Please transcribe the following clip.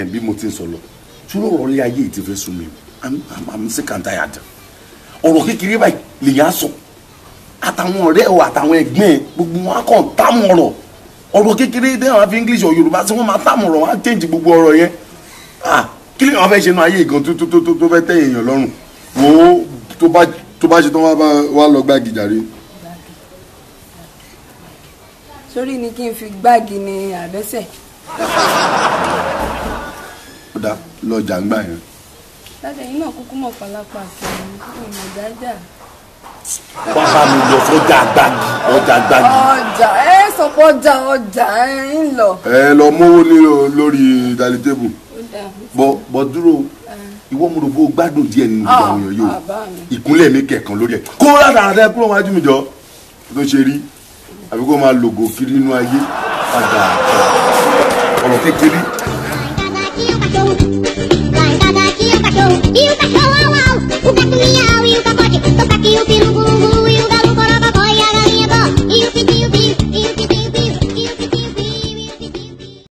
Eh, bí mo ti ń sọ lọ ṣùgbọ́n ọ̀rọ̀ ilé ayé ti fẹ́ sún mi i'm sick and tired ọ̀rọ̀ kékeré báyìí lèyàn sọ àtàwọn ọ̀rẹ́ ẹ̀ àtàwọn ẹ̀gbọ́n ẹ̀ gbogbo wọn kàn táwọn ọ̀rọ̀ ọ̀rọ̀ kékeré déwọn fi english or yorùbá sí wọn máa táwọn ọ̀rọ̀ wọn á change gbogbo ọ̀rọ̀ yẹn ah kí lèyàn fẹ́ ṣe nu ayé gan tó tó tó tó fẹ́ tẹ̀ èèyàn lọ́rùn wo tó bá tó bá ṣe tán wá lọ gbági jàre. sórí ni kí n fi gbági ni àbẹ́sẹ̀ lọ́jà ń gbà yẹn. dáadáa yín náà kúkú mọ̀ pàlápàá sí i ìmọ̀ dáadáa. wọ́n bá mi lọ sọ́jà gbági ọjà gbági. ọjà ẹ sọ pé ọjà ọjà ẹ ń lọ. ẹ lọ mówó ní lórí ìdálẹ́ tébù bọ bọ dúró ìwọ mo rò bó gbádùn díẹ̀ nínú ìgbà òyìn yóò ah, ìkúnlẹ̀ mi kẹ̀kan lórí ẹ̀ kó látara rẹ kúrò wájú mi jọ tó ṣe rí àbí kó máa lògò kiri inú ayé padà ọ̀rọ̀ kékeré o gato miau e o capote, toca aqui o piloto.